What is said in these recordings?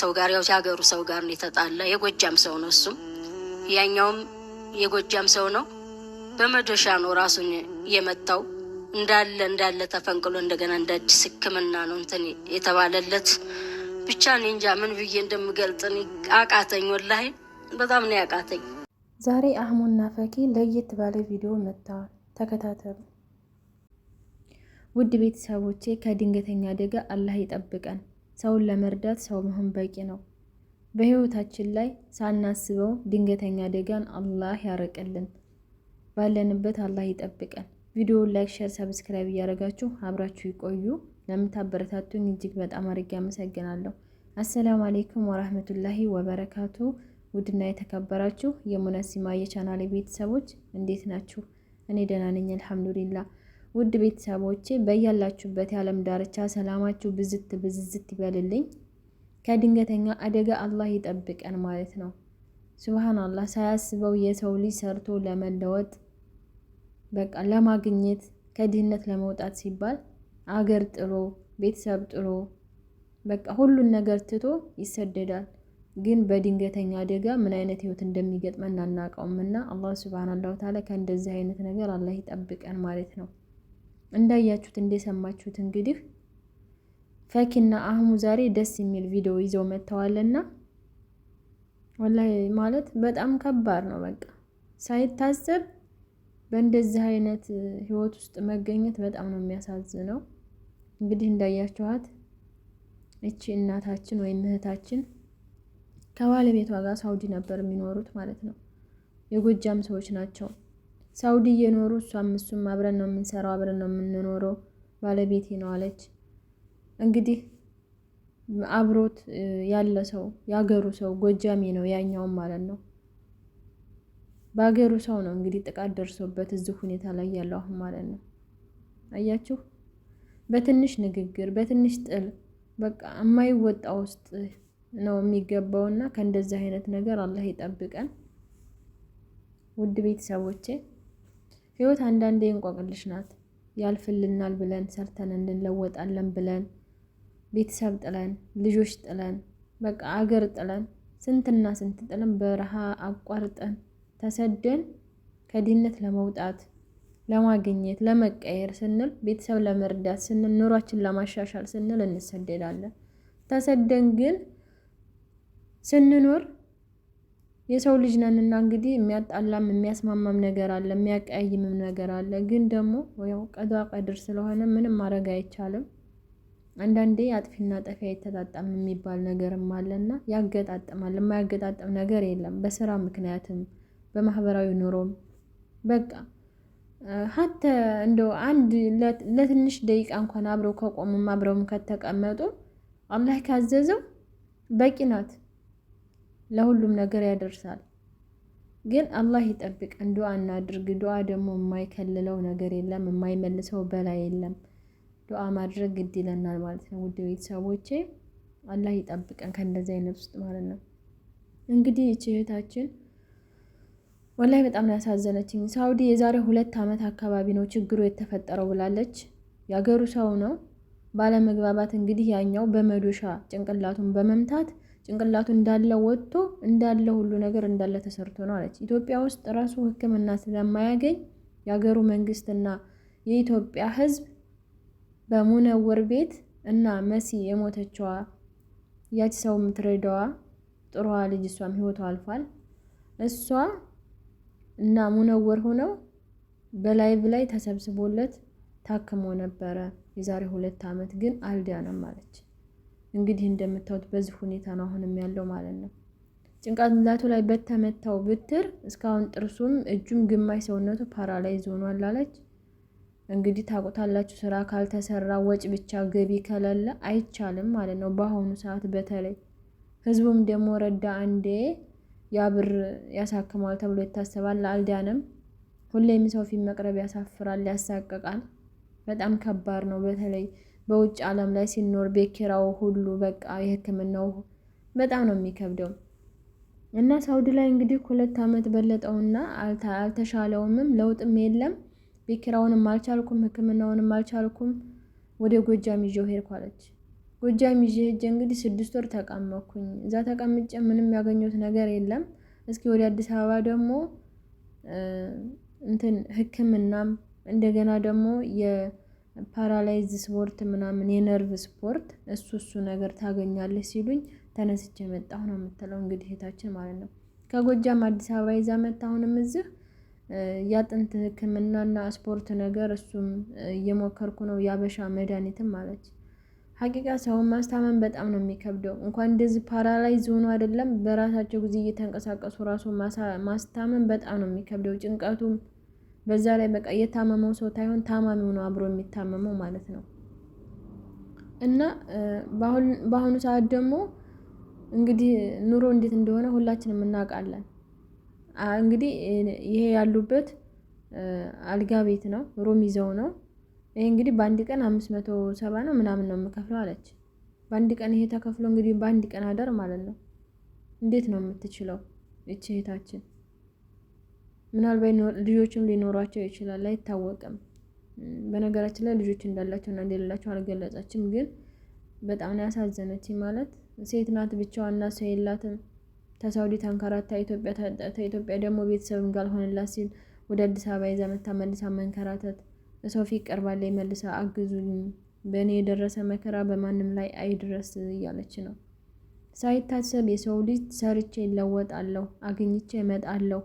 ሰው ጋር ያው የሀገሩ ሰው ጋር ነው የተጣላ። የጎጃም ሰው ነው እሱም፣ ያኛውም የጎጃም ሰው ነው። በመዶሻ ነው ራሱን የመታው። እንዳለ እንዳለ ተፈንቅሎ እንደገና እንደ አዲስ ሕክምና ነው እንትን የተባለለት። ብቻ እኔ እንጃ ምን ብዬ እንደምገልጥን አቃተኝ። ወላሂ በጣም ነው ያቃተኝ። ዛሬ አህሙና ፈኪ ለየት ባለ ቪዲዮ መጥተዋል። ተከታተሉ። ውድ ቤተሰቦቼ ከድንገተኛ አደጋ አላህ ይጠብቀን። ሰውን ለመርዳት ሰው መሆን በቂ ነው። በህይወታችን ላይ ሳናስበው ድንገተኛ አደጋን አላህ ያረቅልን ባለንበት አላህ ይጠብቀን። ቪዲዮውን ላይክ፣ ሸር፣ ሰብስክራይብ እያደረጋችሁ አብራችሁ ይቆዩ። ለምታበረታቱኝ እጅግ በጣም አድርጌ አመሰግናለሁ። አሰላሙ አሌይኩም ወራህመቱላሂ ወበረካቱ። ውድና የተከበራችሁ የሙነሲማ የቻናሌ ቤተሰቦች እንዴት ናችሁ? እኔ ደህና ነኝ አልሐምዱሊላህ። ውድ ቤተሰቦቼ በያላችሁበት የዓለም ዳርቻ ሰላማችሁ ብዝት ብዝዝት ይበልልኝ። ከድንገተኛ አደጋ አላህ ይጠብቀን ማለት ነው። ሱብሃን ሳያስበው የሰው ልጅ ሰርቶ ለመለወጥ በቃ ለማግኘት ከድህነት ለመውጣት ሲባል አገር ጥሎ ቤተሰብ ጥሎ በቃ ሁሉን ነገር ትቶ ይሰደዳል። ግን በድንገተኛ አደጋ ምን አይነት ህይወት እንደሚገጥመን አናውቀውም እና አላህ ሱብሃነሁ ወተዓላ ከእንደዚህ አይነት ነገር አላህ ይጠብቀን ማለት ነው። እንዳያችሁት እንደሰማችሁት እንግዲህ ፈኪና አህሙ ዛሬ ደስ የሚል ቪዲዮ ይዘው መጥተዋልና ወላሂ ማለት በጣም ከባድ ነው። በቃ ሳይታሰብ በእንደዚህ አይነት ህይወት ውስጥ መገኘት በጣም ነው የሚያሳዝነው። እንግዲህ እንዳያችኋት እቺ እናታችን ወይም እህታችን ከባለቤቷ ጋር ሳውዲ ነበር የሚኖሩት ማለት ነው። የጎጃም ሰዎች ናቸው። ሳውዲ እየኖሩ እሷም እሱም አብረን ነው የምንሰራው፣ አብረን ነው የምንኖረው፣ ባለቤቴ ነው አለች። እንግዲህ አብሮት ያለ ሰው የአገሩ ሰው ጎጃሜ ነው ያኛውም ማለት ነው። በሀገሩ ሰው ነው እንግዲህ ጥቃት ደርሶበት እዚህ ሁኔታ ላይ ያለው አሁን ማለት ነው። አያችሁ፣ በትንሽ ንግግር፣ በትንሽ ጥል በቃ የማይወጣ ውስጥ ነው የሚገባውና ከእንደዚህ አይነት ነገር አላህ ይጠብቀን ውድ ቤተሰቦቼ። ህይወት አንዳንዴ እንቆቅልሽ ናት። ያልፍልናል ብለን ሰርተን እንለወጣለን ብለን ቤተሰብ ጥለን ልጆች ጥለን በቃ አገር ጥለን ስንትና ስንት ጥለን በረሃ አቋርጠን ተሰደን ከድህነት ለመውጣት ለማግኘት ለመቀየር ስንል ቤተሰብ ለመርዳት ስንል ኑሯችን ለማሻሻል ስንል እንሰደዳለን። ተሰደን ግን ስንኖር የሰው ልጅ ነንና እንግዲህ የሚያጣላም የሚያስማማም ነገር አለ፣ የሚያቀያይምም ነገር አለ። ግን ደግሞ ያው ቀዷ ቀድር ስለሆነ ምንም ማድረግ አይቻልም። አንዳንዴ አጥፊና ጠፊ አይተጣጣም የሚባል ነገርም አለና ያገጣጥማል። የማያገጣጥም ነገር የለም። በስራ ምክንያትም በማህበራዊ ኑሮም በቃ ሀተ እንደ አንድ ለትንሽ ደቂቃ እንኳን አብረው ከቆሙም አብረውም ከተቀመጡ አላህ ካዘዘው በቂ ናት። ለሁሉም ነገር ያደርሳል። ግን አላህ ይጠብቀን፣ ዱዓ እናድርግ። ዱዓ ደግሞ የማይከልለው ነገር የለም፣ የማይመልሰው በላይ የለም። ዱዓ ማድረግ ግድ ይለናል ማለት ነው። ውድ ቤተሰቦቼ አላህ ይጠብቀን ከእንደዚህ አይነት ውስጥ ማለት ነው። እንግዲህ ይህች እህታችን ወላይ በጣም ነው ያሳዘነችኝ። ሳውዲ የዛሬ ሁለት ዓመት አካባቢ ነው ችግሩ የተፈጠረው ብላለች። የአገሩ ሰው ነው ባለመግባባት እንግዲህ ያኛው በመዶሻ ጭንቅላቱን በመምታት ጭንቅላቱ እንዳለ ወጥቶ እንዳለ ሁሉ ነገር እንዳለ ተሰርቶ ነው አለች። ኢትዮጵያ ውስጥ ራሱ ሕክምና ስለማያገኝ የሀገሩ መንግስትና የኢትዮጵያ ሕዝብ በሙነወር ቤት እና መሲ የሞተችዋ ያች ሰው ምትረዳዋ ጥሯ ልጅ እሷም ህይወቷ አልፏል። እሷ እና ሙነወር ሆነው በላይቭ ላይ ተሰብስቦለት ታክሞ ነበረ የዛሬ ሁለት ዓመት ግን ነው አለች። እንግዲህ እንደምታዩት በዚህ ሁኔታ ነው አሁንም ያለው ማለት ነው። ጭንቅላቱ ላይ በተመታው ብትር እስካሁን ጥርሱም እጁም ግማሽ ሰውነቱ ፓራላይዝ ሆኗል አለች። እንግዲህ ታውቁታላችሁ፣ ስራ ካልተሰራ ወጭ ብቻ ገቢ ከሌለ አይቻልም ማለት ነው። በአሁኑ ሰዓት በተለይ ህዝቡም ደግሞ ረዳ አንዴ ያብር ያሳክማል ተብሎ ይታሰባል። አልዳንም። ሁሌም ሰው ፊት መቅረብ ያሳፍራል፣ ያሳቅቃል። በጣም ከባድ ነው በተለይ በውጭ ዓለም ላይ ሲኖር ቤኬራው ሁሉ በቃ የህክምናው በጣም ነው የሚከብደው እና ሳውዲ ላይ እንግዲህ ሁለት ዓመት በለጠውና አልተሻለውምም፣ ለውጥም የለም። ቤኬራውንም አልቻልኩም፣ ህክምናውንም አልቻልኩም። ወደ ጎጃም ይዤው ሄድኩ አለች። ጎጃም ይዤ ሄጄ እንግዲህ ስድስት ወር ተቃመኩኝ እዛ ተቀምጬ ምንም ያገኘሁት ነገር የለም። እስኪ ወደ አዲስ አበባ ደግሞ እንትን ህክምናም እንደገና ደግሞ ፓራላይዝ ስፖርት ምናምን የነርቭ ስፖርት እሱ እሱ ነገር ታገኛለህ ሲሉኝ ተነስቼ መጣሁ ነው የምትለው እንግዲህ እህታችን ማለት ነው። ከጎጃም አዲስ አበባ ይዛ መጣ አሁንም እዚህ የአጥንት ህክምናና ስፖርት ነገር እሱም እየሞከርኩ ነው ያበሻ መድኒትም ማለት ሀቂቃ ሰውን ማስታመን በጣም ነው የሚከብደው። እንኳን እንደዚህ ፓራላይዝ ሆኖ አይደለም በራሳቸው ጊዜ እየተንቀሳቀሱ ራሱ ማስታመን በጣም ነው የሚከብደው። ጭንቀቱም በዛ ላይ በቃ የታመመው ሰው ታይሆን ታማሚው ነው አብሮ የሚታመመው ማለት ነው። እና በአሁኑ ሰዓት ደግሞ እንግዲህ ኑሮ እንዴት እንደሆነ ሁላችንም እናውቃለን። እንግዲህ ይሄ ያሉበት አልጋ ቤት ነው፣ ሩም ይዘው ነው። ይሄ እንግዲህ በአንድ ቀን አምስት መቶ ሰባ ነው ምናምን ነው የምከፍለው አለች። በአንድ ቀን ይሄ ተከፍሎ እንግዲህ በአንድ ቀን አደር ማለት ነው። እንዴት ነው የምትችለው ይቺ እህታችን? ምናልባት ልጆችም ሊኖሯቸው ይችላል፣ አይታወቅም። በነገራችን ላይ ልጆች እንዳላቸው እና እንደሌላቸው አልገለጸችም። ግን በጣም ነው ያሳዘነች። ማለት ሴት ናት ብቻዋን እና ሰው የላትም። ተሳውዲ ተንከራታ ኢትዮጵያ ኢትዮጵያ ደግሞ ቤተሰብም ጋር ሆነላት ሲል ወደ አዲስ አበባ ይዛ መታ መልሳ መንከራተት ሰው ፊት ላይ መልሳ አግዙኝ፣ በእኔ የደረሰ መከራ በማንም ላይ አይድረስ እያለች ነው። ሳይታሰብ የሰው ልጅ ሰርቼ ይለወጣለሁ፣ አግኝቼ እመጣለሁ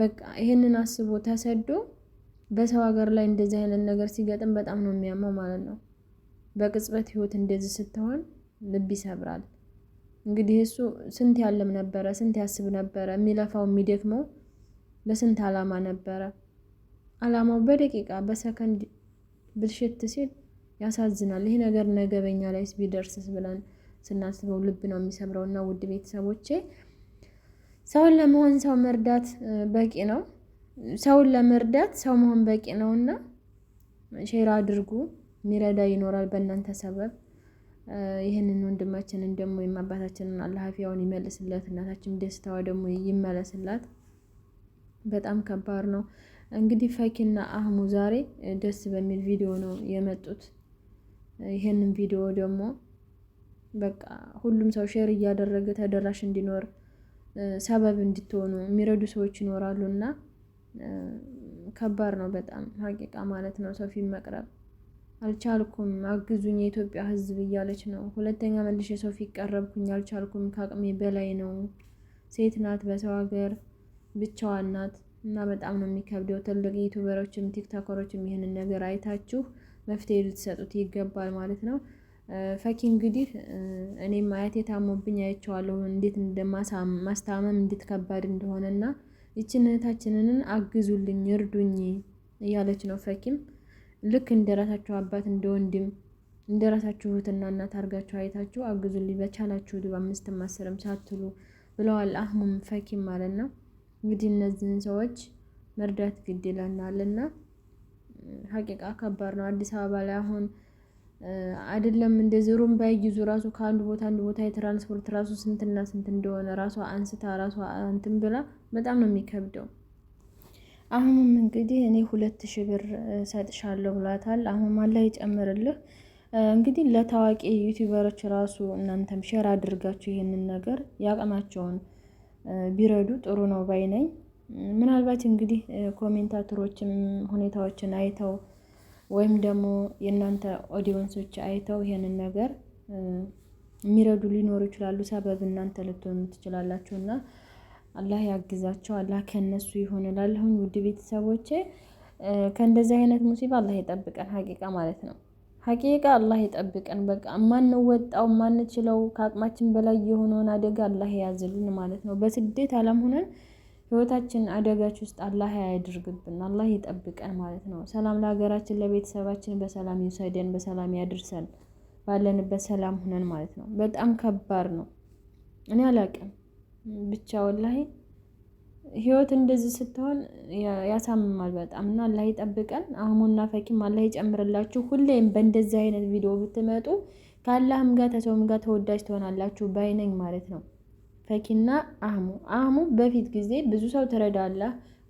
በቃ ይህንን አስቦ ተሰዶ በሰው ሀገር ላይ እንደዚህ አይነት ነገር ሲገጥም በጣም ነው የሚያመው ማለት ነው። በቅጽበት ህይወት እንደዚህ ስትሆን ልብ ይሰብራል። እንግዲህ እሱ ስንት ያለም ነበረ፣ ስንት ያስብ ነበረ፣ የሚለፋው የሚደክመው ለስንት አላማ ነበረ። አላማው በደቂቃ በሰከንድ ብልሽት ሲል ያሳዝናል። ይሄ ነገር ነገ በኛ ላይ ቢደርስስ ብለን ስናስበው ልብ ነው የሚሰብረው እና ውድ ቤተሰቦቼ ሰውን ለመሆን ሰው መርዳት በቂ ነው። ሰውን ለመርዳት ሰው መሆን በቂ ነው እና ሼር አድርጉ። የሚረዳ ይኖራል በእናንተ ሰበብ። ይህንን ወንድማችንን ደግሞ የማባታችንን አላህ አፊያውን ይመልስለት፣ እናታችን ደስታዋ ደግሞ ይመለስላት። በጣም ከባድ ነው እንግዲህ ፈኪና አህሙ ዛሬ ደስ በሚል ቪዲዮ ነው የመጡት። ይህንን ቪዲዮ ደግሞ በቃ ሁሉም ሰው ሼር እያደረገ ተደራሽ እንዲኖር ሰበብ እንድትሆኑ የሚረዱ ሰዎች ይኖራሉ እና ከባድ ነው በጣም ሀቂቃ ማለት ነው። ሰው ፊት መቅረብ አልቻልኩም፣ አግዙኝ የኢትዮጵያ ሕዝብ እያለች ነው። ሁለተኛ መልሼ ሰው ፊት ቀረብኩኝ፣ አልቻልኩም፣ ከአቅሜ በላይ ነው። ሴት ናት፣ በሰው ሀገር ብቻዋን ናት እና በጣም ነው የሚከብደው። ትልቅ ዩቱበሮችም ቲክቶከሮችም ይህንን ነገር አይታችሁ መፍትሄ ልትሰጡት ይገባል ማለት ነው። ፈኪ እንግዲህ እኔ ማየት የታሞብኝ አይቼዋለሁ እንዴት እንደማስታመም እንዴት ከባድ እንደሆነና ይችን እህታችንን አግዙልኝ፣ እርዱኝ እያለች ነው። ፈኪም ልክ እንደራሳችሁ አባት እንደ ወንድም እንደራሳችሁ እህትና እናት አድርጋችሁ አይታችሁ አግዙልኝ በቻላችሁት አምስት አስርም ሳትሉ ብለዋል። አህሙም ፈኪም ማለት ነው። እንግዲህ እነዚህን ሰዎች መርዳት ግድ ይለናልና ሀቂቃ ከባድ ነው። አዲስ አበባ ላይ አሁን አይደለም እንደ ዜሮም ባይይዙ ራሱ ከአንድ ቦታ አንድ ቦታ የትራንስፖርት ራሱ ስንትና ስንት እንደሆነ ራሷ አንስታ ራሷ እንትን ብላ በጣም ነው የሚከብደው። አሁንም እንግዲህ እኔ ሁለት ሺህ ብር ሰጥሻለሁ ብላታል። አሁን አላህ ይጨምርልህ። እንግዲህ ለታዋቂ ዩቲዩበሮች ራሱ እናንተም ሼር አድርጋችሁ ይህንን ነገር ያቅማቸውን ቢረዱ ጥሩ ነው ባይ ነኝ። ምናልባት እንግዲህ ኮሜንታተሮችም ሁኔታዎችን አይተው ወይም ደግሞ የእናንተ ኦዲየንሶች አይተው ይሄንን ነገር የሚረዱ ሊኖሩ ይችላሉ። ሰበብ እናንተ ልትሆኑ ትችላላችሁ እና አላህ ያግዛቸው፣ አላህ ከነሱ ይሆን እላለሁኝ። ውድ ቤተሰቦቼ ከእንደዚህ አይነት ሙሲባ አላህ ይጠብቀን። ሀቂቃ ማለት ነው። ሀቂቃ አላህ ይጠብቀን። በቃ የማንወጣው የማንችለው ከአቅማችን በላይ የሆነውን አደጋ አላህ የያዝልን ማለት ነው። በስደት አለም ሆነን ህይወታችን አደጋች ውስጥ አላህ ያድርግብን፣ አላህ ይጠብቀን ማለት ነው። ሰላም ለሀገራችን ለቤተሰባችን በሰላም ይውሰደን፣ በሰላም ያድርሰን፣ ባለንበት ሰላም ሁነን ማለት ነው። በጣም ከባድ ነው። እኔ አላቅም ብቻ ወላሂ ህይወት እንደዚህ ስትሆን ያሳምማል በጣም እና አላህ ይጠብቀን። አህሙና ፈኪም አላህ ይጨምርላችሁ። ሁሌም በእንደዚህ አይነት ቪዲዮ ብትመጡ ከአላህም ጋር ተሰውም ጋር ተወዳጅ ትሆናላችሁ ባይነኝ ማለት ነው። ፈኪና አህሙ አህሙ በፊት ጊዜ ብዙ ሰው ትረዳለ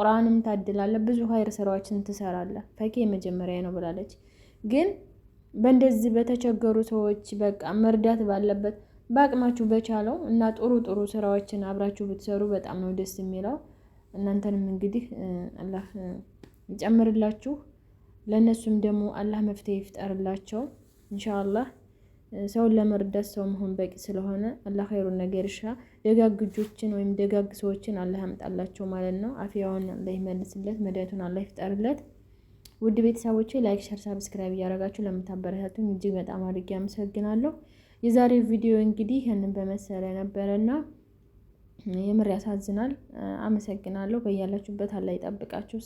ቁርአንም ታድላለ ብዙ ሀይር ስራዎችን ትሰራለህ። ፈኪ የመጀመሪያ ነው ብላለች። ግን በእንደዚህ በተቸገሩ ሰዎች በቃ መርዳት ባለበት በአቅማችሁ በቻለው እና ጥሩ ጥሩ ስራዎችን አብራችሁ ብትሰሩ በጣም ነው ደስ የሚለው። እናንተንም እንግዲህ አላህ ይጨምርላችሁ፣ ለእነሱም ደግሞ አላህ መፍትሄ ይፍጠርላቸው አላህ። ሰውን ለመርዳት ሰው መሆን በቂ ስለሆነ አላህ ኸይሩን ነገር ይሻ። ደጋግ እጆችን ወይም ደጋግ ሰዎችን አላህ ያምጣላቸው ማለት ነው። አፍያውን አላህ ይመልስለት፣ መድኃኒቱን አላህ ይፍጠርለት። ውድ ቤተሰቦች ላይክ፣ ሸር፣ ሳብስክራይብ እያደረጋችሁ ለምታበረታቱኝ እጅግ በጣም አድርጌ አመሰግናለሁ። የዛሬ ቪዲዮ እንግዲህ ይህንን በመሰለ ነበረና የምር ያሳዝናል። አመሰግናለሁ። በያላችሁበት አላህ ይጠብቃችሁ።